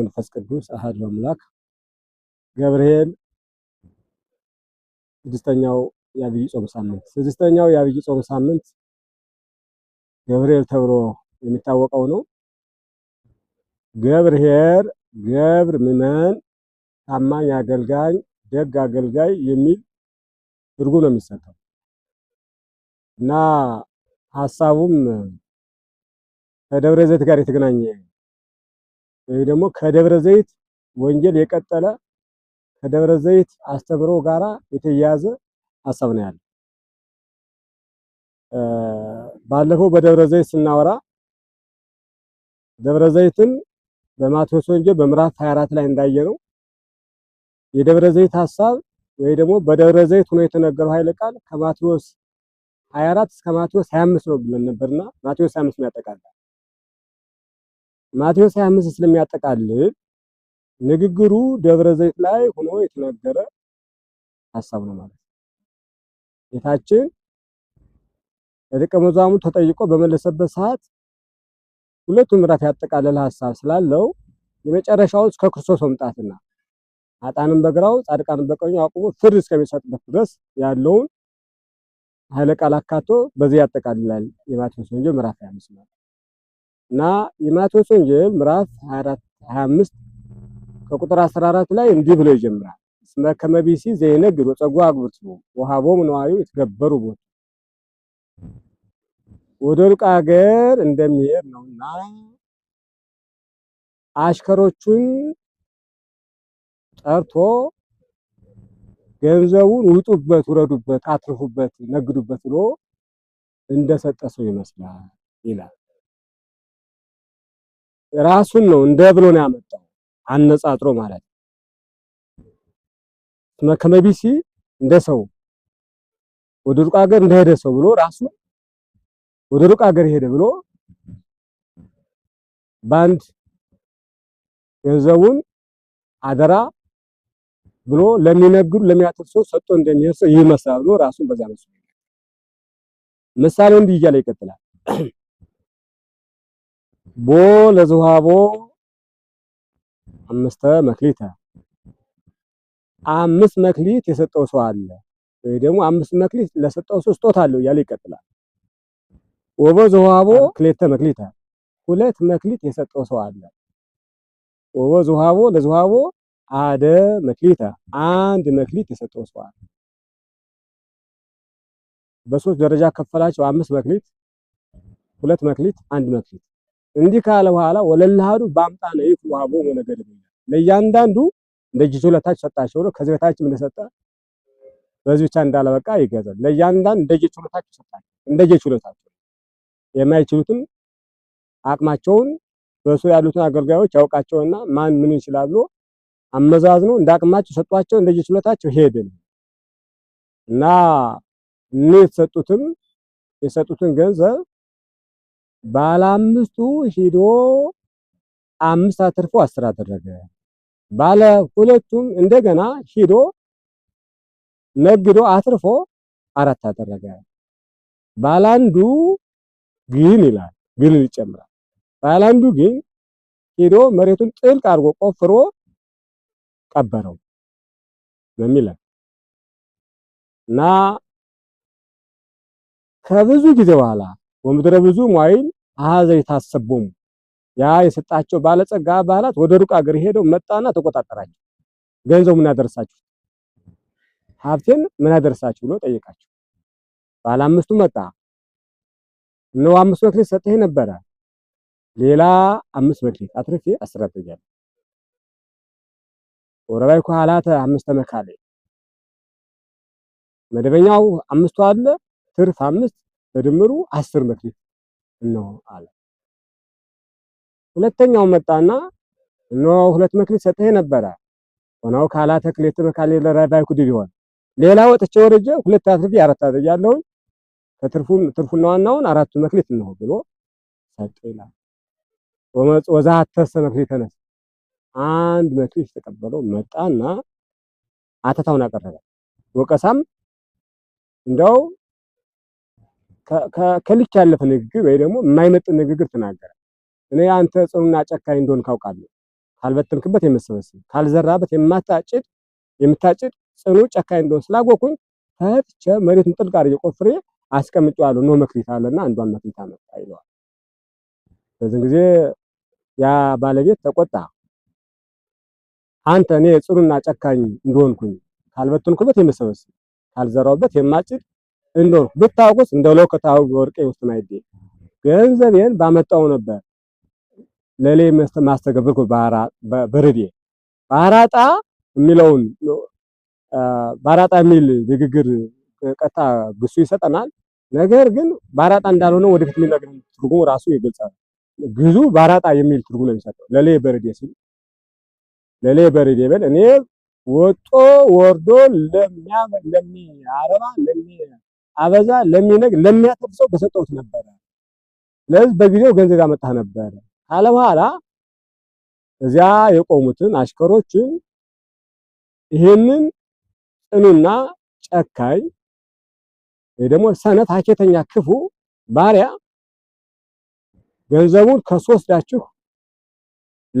መንፈስ ቅዱስ አሃድ አምላክ ገብርኤል ስድስተኛው የአብይ ጾም ሳምንት ስድስተኛው የአብይ ጾም ሳምንት ገብርኤል ተብሎ የሚታወቀው ነው። ገብርኤል ገብር ምመን ታማኝ አገልጋይ፣ ደግ አገልጋይ የሚል ትርጉም ነው የሚሰጠው እና ሀሳቡም ከደብረ ዘይት ጋር የተገናኘ ወይ ደግሞ ከደብረ ዘይት ወንጌል የቀጠለ ከደብረ ዘይት አስተምሮ ጋራ የተያያዘ ሀሳብ ነው ያለው። ባለፈው በደብረ ዘይት ስናወራ ደብረ ዘይትን በማቴዎስ ወንጌል በምዕራፍ 24 ላይ እንዳየነው የደብረ ዘይት ሀሳብ ወይ ደግሞ በደብረ ዘይት ሆኖ የተነገረው ኃይለ ቃል ከማቴዎስ 24 እስከ ማቴዎስ 25 ነው ብለን ነበርና ማቴዎስ 25 ነው ያጠቃልላል። ማቴዎስ 25 ስለሚያጠቃልል ንግግሩ ደብረ ዘይት ላይ ሆኖ የተነገረ ሀሳብ ነው ማለት ነው። ጌታችን ለደቀ መዛሙርቱ ተጠይቆ በመለሰበት ሰዓት ሁለቱን ምዕራፍ ያጠቃለለ ሀሳብ ስላለው የመጨረሻው እስከ ክርስቶስ መምጣትና አጣንም በግራው ጻድቃንም በቀኙ አቁሞ ፍርድ እስከሚሰጥበት ድረስ ያለውን ኃይለ ቃል አካቶ በዚህ ያጠቃልላል የማቴዎስ ወንጌል ምዕራፍ 25 ማለት እና የማቴዎስ ወንጌል ምዕራፍ 25 ከቁጥር 14 ላይ እንዲህ ብሎ ይጀምራል። እስመ ከመ ቢሲ ዘይነግድ ወፀጉ አግብርቲሁ ወሀቦሙ ነዋሪው የተገበሩ ቦቱ ወደ ሩቅ ሀገር እንደሚሄድ ነውና አሽከሮቹን ጠርቶ ገንዘቡን ውጡበት፣ ውረዱበት፣ አትርፉበት፣ ነግዱበት ብሎ እንደሰጠ ሰው ይመስላል ይላል። ራሱን ነው እንደ ብሎ ነው ያመጣው አነጻጽሮ ማለት ከመቢሲ እንደ ሰው ወደ ሩቅ ሀገር እንደሄደ ሰው ብሎ ራሱ ወደ ሩቅ ሀገር ሄደ ብሎ ባንድ ገንዘቡን አደራ ብሎ ለሚነግሩ ለሚያተርፍ ሰው ሰጥቶ እንደሚሄድ ይመስላል ብሎ ራሱን በዛ ነው ምሳሌ እንዲህ እያለ ይቀጥላል። ቦ ለዝዋቦ አምስተ መክሊተ አምስት መክሊት የሰጠው ሰው አለ ወይ ደግሞ አምስት መክሊት ለሰጠው ሰው ስጦታ አለው እያለ ይቀጥላል። ወበ ዝዋቦ ክሌተ መክሊተ ሁለት መክሊት የሰጠው ሰው አለ። ወበ ዝዋቦ ለዝዋቦ አደ መክሊተ አንድ መክሊት የሰጠው ሰው አለ። በሶስት ደረጃ ከፈላቸው አምስት መክሊት፣ ሁለት መክሊት፣ አንድ መክሊት እንዲህ ካለ በኋላ ወለላሃዱ ባምጣ ነው ይቁዋቦ ወነገደ ለእያንዳንዱ እንደዚህ ሁለታች ሰጣቸው ነው። ከዚህ በታችም እንደሰጠ በዚህ ብቻ እንዳለበቃ ይገዛል። ለእያንዳንዱ እንደዚህ ሁለታች ሰጣቸው፣ እንደዚህ ሁለታች የማይችሉትን አቅማቸውን በሱ ያሉትን አገልጋዮች ያውቃቸውና ማን ምን ይችላል ይችላሉ አመዛዝኖ እንደ አቅማቸው ሰጧቸው፣ እንደዚህ ሁለታቸው ሄደ እና እኔ የተሰጡትም የሰጡትን ገንዘብ ባለ አምስቱ ሂዶ አምስት አትርፎ አስር አደረገ። ባለ ሁለቱም እንደገና ሂዶ ነግዶ አትርፎ አራት አደረገ። ባለ አንዱ ግን ይላል ግን ይጨምራል። ባለ አንዱ ግን ሂዶ መሬቱን ጥልቅ አድርጎ ቆፍሮ ቀበረው በሚል እና ከብዙ ጊዜ በኋላ ወምድረ ብዙ ሟይል አሃዘ የታሰቦሙ ያ የሰጣቸው ባለጸጋ አባላት ወደ ሩቅ አገር ሄደው መጣና ተቆጣጠራቸው። ገንዘቡ ምን አደረሳችሁ? ሀብቴን ምን አደረሳችሁ ብሎ ጠየቃቸው። ባለ አምስቱ መጣ እነሆ አምስት መክሊት ሰጥህ ነበረ ሌላ አምስት መክሊት አትርፌ አስር አድርጌያለሁ። ወረባይ ኋላተ አምስተ መካሌ መደበኛው አምስቱ አለ ትርፍ አምስት በድምሩ አስር መክሊት ነው አለ። ሁለተኛው መጣና እነሆ ሁለት መክሊት ሰጥህ ነበረ ሆነው ካላ ተክሌት በካሌ ለራዳይ ኩዲ ይሆን ሌላ ወጥቼ ወርጄ ሁለት አትርፍ ያረታ ያለውን ከትርፉን ትርፉና ዋናውን አራቱ መክሊት ነው ብሎ ሰጠ ይላል። ወመጽ ወዛተሰ መክሊት ተነስ አንድ መክሊት ተቀበለው መጣና አተታውን አቀረበ ወቀሳም እንደው ከልክ ያለፈ ንግግር ወይ ደግሞ የማይመጥን ንግግር ተናገረ። እኔ አንተ ጽኑና ጨካኝ እንደሆን ካውቃለሁ። ካልበተንክበት የምትሰበስብ ካልዘራበት የማታጭድ የምታጭድ ጽኑ ጨካኝ እንደሆን ስላጎኩኝ ፈትቸ መሬት ጥልቅ አድርጌ ቆፍሬ አስቀምጬዋለሁ። ኖ መክሊት አለና አንዷን መክሊት አመጣ ይለዋል። በዚህ ጊዜ ያ ባለቤት ተቆጣ። አንተ እኔ ጽኑና ጨካኝ እንደሆንኩኝ ካልበተንኩበት የምሰበስብ ካልዘራውበት የማጭድ እንደው ብታውቁስ እንደው ለው ከታው ወርቄ ውስጥ ማይዴ ገንዘቤን ባመጣው ነበር ለሌ ማስተገብርኩ ባራ በርዴ ባራጣ የሚለውን ባራጣ የሚል ንግግር ቀጥታ ግሱ ይሰጠናል። ነገር ግን ባራጣ እንዳልሆነ ወደፊት የሚነግር ትርጉሙ ራሱ ይገልጻል። ግዙ ባራጣ የሚል ትርጉም ነው የሚሰጠው። ለሌ በርዴ ሲል ለሌ በርዴ በል እኔ ወጦ ወርዶ ለሚያ አረባ ለሚ አበዛ ለሚነግ ለሚያጠብ ሰው በሰጠሁት ነበረ። ለዚህ በጊዜው ገንዘብ ያመጣ ነበረ ካለ በኋላ እዚያ የቆሙትን አሽከሮችን ይህንን ጽኑና ጨካኝ ወይ ደግሞ ሰነፍ ሀኬተኛ ክፉ ባሪያ ገንዘቡን ከሱ ወስዳችሁ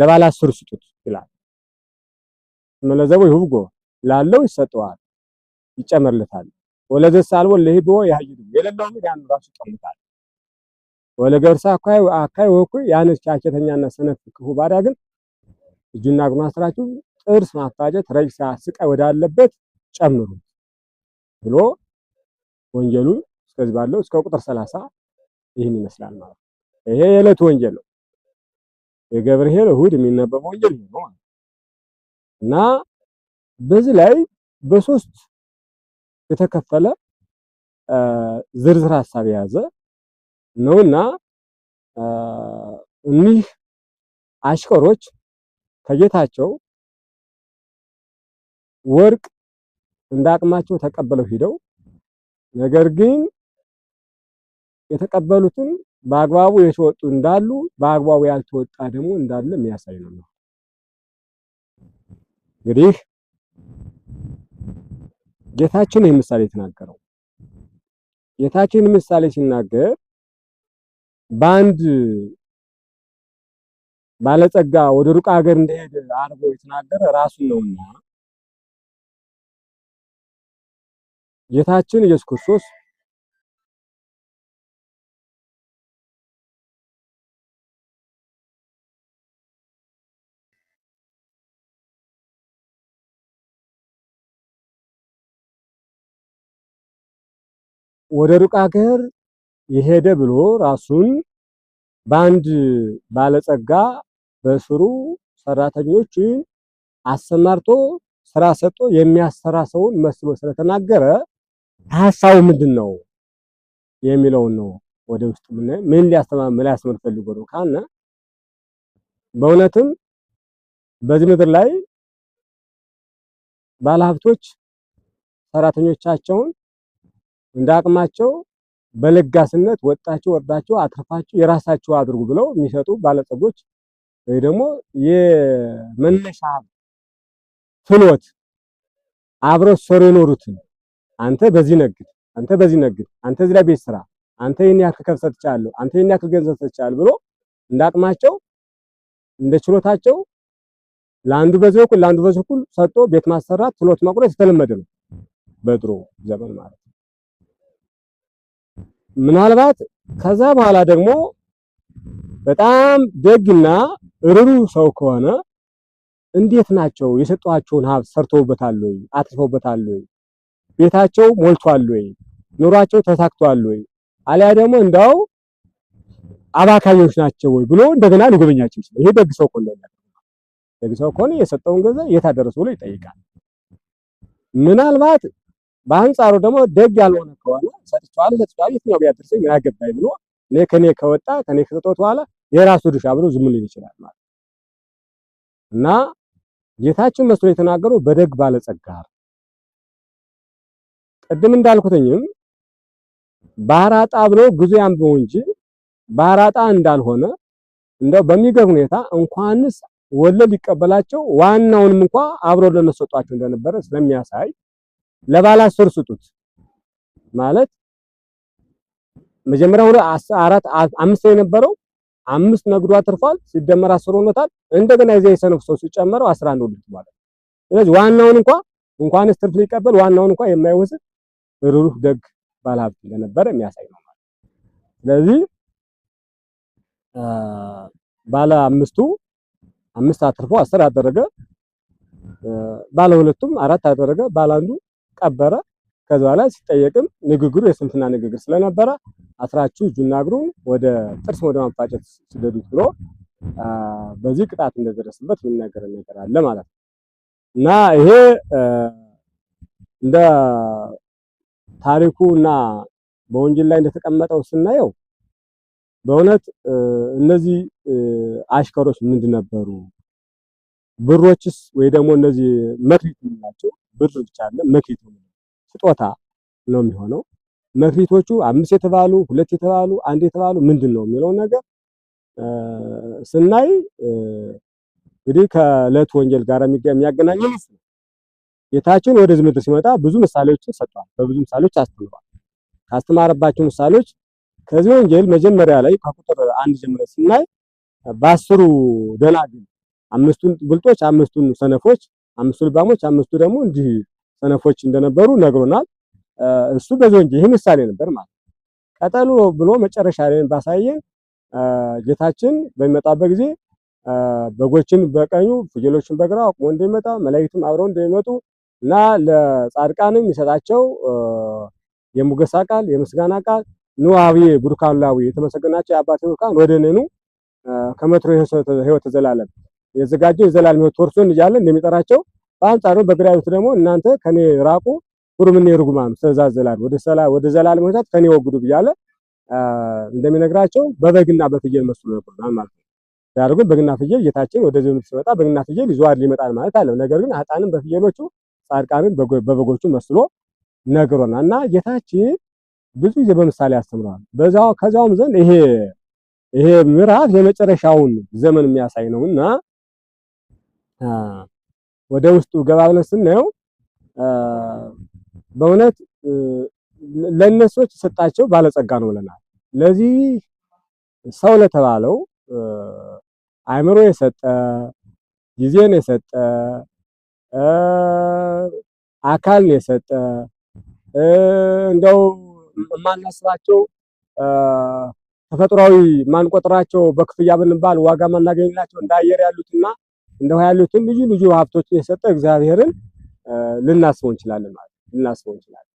ለባለ አስሩ ስጡት ይላል። መለዘቡ ይሁብጎ ላለው ይሰጠዋል፣ ይጨመርለታል። ወለዘስ አልቦ ለሂቦ ያህይዱ የሌለው ግን ያን ራሱ ጠምታል ወለገርሳ አካይ አካይ ወኩ ያን ቻቸተኛና ሰነፍ ክፉ ባዳ ግን እጁና እግሩ ማሰራችሁ ጥርስ ማፋጨት ረጅሳ ስቃይ ወዳለበት ጨምሩ ብሎ ወንጀሉ እስከዚህ ባለው እስከ ቁጥር 30 ይህን ይመስላል ማለት ነው። ይሄ የዕለቱ ወንጀል ነው። የገብርኄር እሑድ የሚነበበው ወንጀል ነው እና በዚህ ላይ በሶስት የተከፈለ ዝርዝር ሀሳብ የያዘ እና እኒህ አሽከሮች ከጌታቸው ወርቅ እንደ አቅማቸው ተቀበለው ሂደው ነገር ግን የተቀበሉትን በአግባቡ የተወጡ እንዳሉ በአግባቡ ያልተወጣ ደግሞ እንዳለ የሚያሳይ ነው። እንግዲህ ጌታችን ምሳሌ የተናገረው ጌታችን ምሳሌ ሲናገር በአንድ ባለጸጋ ወደ ሩቅ ሀገር እንደሄደ አድርጎ የተናገረ ራሱን ነውና ጌታችን ኢየሱስ ክርስቶስ ወደ ሩቅ ሀገር የሄደ ብሎ ራሱን በአንድ ባለጸጋ በስሩ ሰራተኞች አሰማርቶ ስራ ሰጥቶ የሚያሰራ ሰውን መስሎ ስለተናገረ ሀሳቡ ምንድን ነው የሚለውን ነው ወደ ውስጥ ምን ምን ሊያስተማር ምን ያስመር ፈልጎ ነው ካነ በእውነትም በዚህ ምድር ላይ ባለሀብቶች ሰራተኞቻቸውን እንደ አቅማቸው በለጋስነት ወጣችሁ ወርዳችሁ አትርፋችሁ የራሳችሁ አድርጉ ብለው የሚሰጡ ባለጸጎች ወይ ደግሞ የመነሻ ፍኖት አብረው ሰሩ የኖሩትን አንተ በዚህ ነግድ፣ አንተ በዚህ ነግድ፣ አንተ እዚህ ላይ ቤት ስራ፣ አንተ ይህን ያክል ከብት ሰጥቻለሁ፣ አንተ ይህን ያክል ገንዘብ ሰጥቻለሁ ብሎ እንደ አቅማቸው እንደ ችሎታቸው ለአንዱ በዚህ በኩል ለአንዱ በዚህ በኩል ሰጥቶ ቤት ማሰራት ፍኖት መቁረጥ የተለመደ ነው በድሮ ዘመን ማለት ምናልባት ከዛ በኋላ ደግሞ በጣም ደግና ርሩ ሰው ከሆነ እንዴት ናቸው የሰጧቸውን ሀብት ሰርተውበታል ወይ አትርፈውበታል ወይ ቤታቸው ሞልቷል ወይ ኑሯቸው ተሳክቷል ወይ አሊያ ደግሞ እንዳው አባካዮች ናቸው ወይ ብሎ እንደገና ሊጎበኛቸው ይችላል። ይሄ ደግ ሰው ከሆነ ደግ ሰው ከሆነ የሰጠውን ገንዘብ የታደረሱ ብሎ ይጠይቃል ምናልባት በአንጻሩ ደግሞ ደግ ያልሆነ ከሆነ ሰጥቼዋለሁ ሰጥቼዋለሁ የትኛው ቢያደርሰኝ ምን አገባኝ ብሎ እኔ ከኔ ከወጣ ከኔ ከሰጠሁት በኋላ የራሱ ድርሻ ብሎ ዝም ሊል ይችላል ማለት እና ጌታችን መስሎ የተናገሩ በደግ ባለጸጋ ቅድም እንዳልኩትኝም ባራጣ ብሎ ግዙ ያንብበው እንጂ ባራጣ እንዳልሆነ እንደው በሚገርም ሁኔታ እንኳንስ ወለድ ሊቀበላቸው ዋናውንም እንኳ አብሮ ለነሱ እንደነበረ ስለሚያሳይ ለባለ አስር ስጡት ማለት መጀመሪያ አራት አምስት የነበረው አምስት ነግዶ አትርፏል። ሲደመር አስር ሆኖታል። እንደገና የዚያ የሰነፍ ሰው ሲጨመረው 11 ወልድ ማለት ስለዚህ ዋናውን እንኳ እንኳንስ ትርፍ ሊቀበል ዋናውን እንኳ የማይወስድ ሩሩህ ደግ ባለሀብት እንደነበረ የሚያሳይ ነው ማለት ስለዚህ ባለ አምስቱ አምስት አትርፎ አስር አደረገ። ባለ ሁለቱም አራት አደረገ። ባለ አንዱ ቀበረ። ከዛ በኋላ ሲጠየቅም ንግግሩ የስንፍና ንግግር ስለነበረ አስራችሁ እጁና እግሩን ወደ ጥርስ ወደ ማፋጨት ስደዱት ብሎ በዚህ ቅጣት እንደደረሰበት የሚነገር ነገር አለ ማለት ነው። እና ይሄ እንደ ታሪኩ እና በወንጀል ላይ እንደተቀመጠው ስናየው በእውነት እነዚህ አሽከሮች ምንድን ነበሩ? ብሮችስ ወይ ደግሞ እነዚህ መክሊት የምንላቸው ብር ብቻ አለ መክሊት ስጦታ ነው የሚሆነው። መክሊቶቹ አምስት የተባሉ ሁለት የተባሉ አንድ የተባሉ ምንድን ነው የሚለው ነገር ስናይ እንግዲህ ከዕለት ወንጌል ጋር የሚያገናኝ ነው። ጌታችን ወደዚህ ምድር ሲመጣ ብዙ ምሳሌዎችን ሰጥቷል። በብዙ ምሳሌዎች አስተምሯል። ካስተማረባቸው ምሳሌዎች ከዚህ ወንጌል መጀመሪያ ላይ ከቁጥር አንድ ጀምረን ስናይ በአስሩ ደናግል አምስቱን ብልጦች፣ አምስቱን ሰነፎች አምስቱ ልባሞች አምስቱ ደግሞ እንዲህ ሰነፎች እንደነበሩ ነግሮናል። እሱ በዘንጂ ይህ ምሳሌ ነበር ማለት ነው። ቀጠሎ ብሎ መጨረሻ ላይ ባሳየን ጌታችን በሚመጣበት ጊዜ በጎችን በቀኙ ፍየሎችን በግራ አቁሞ እንደሚመጣ መላእክትም አብረው እንደሚመጡ እና ለጻድቃንም ይሰጣቸው የሙገሳ ቃል የምስጋና ቃል ንዋዊ ቡርካላዊ የተመሰገናቸው የአባቴ ቡርካን ወደ ነኑ ከመትሮ ህይወት ተዘላለም የዘጋጀው የዘላለም ሕይወት ወርሶን እያለ እንደሚጠራቸው በአንጻሩ በግራ ሕይወት ደግሞ እናንተ ከኔ ራቁ ሁሩምኔ ርጉማኑ ትእዛዝ ዘላለም ወደ ሰላ ወደ ዘላለም ሕይወት ከኔ ወግዱ እያለ እንደሚነግራቸው በበግና በፍየል መስሎ ነበር ማለት ነው። ዳሩ በግና ፍየል ጌታችን ወደ ምድር ሲመጣ በግና ፍየል ይዟል ሊመጣል ማለት አለ። ነገር ግን አጣንም በፍየሎቹ ጻድቃንም በበጎቹ መስሎ ነግሮናል እና ጌታችን ብዙ ጊዜ በምሳሌ ያስተምረዋል። በዛው ከዛውም ዘንድ ይሄ ይሄ ምዕራፍ የመጨረሻውን ዘመን የሚያሳይ ነውና ወደ ውስጡ ገባ ብለን ስናየው በእውነት ለእነሶች የሰጣቸው ባለጸጋ ነው ብለናል። ለዚህ ሰው ለተባለው አእምሮ የሰጠ ጊዜን የሰጠ አካልን የሰጠ እንደው የማናስባቸው ተፈጥሯዊ ማንቆጥራቸው በክፍያ ብንባል ዋጋ ማናገኝላቸው እንደ አየር ያሉትና እንደው ያሉትን ልዩ ልዩ ሀብቶችን የሰጠ እግዚአብሔርን ልናስበው እንችላለን ማለት ልናስበው እንችላለን።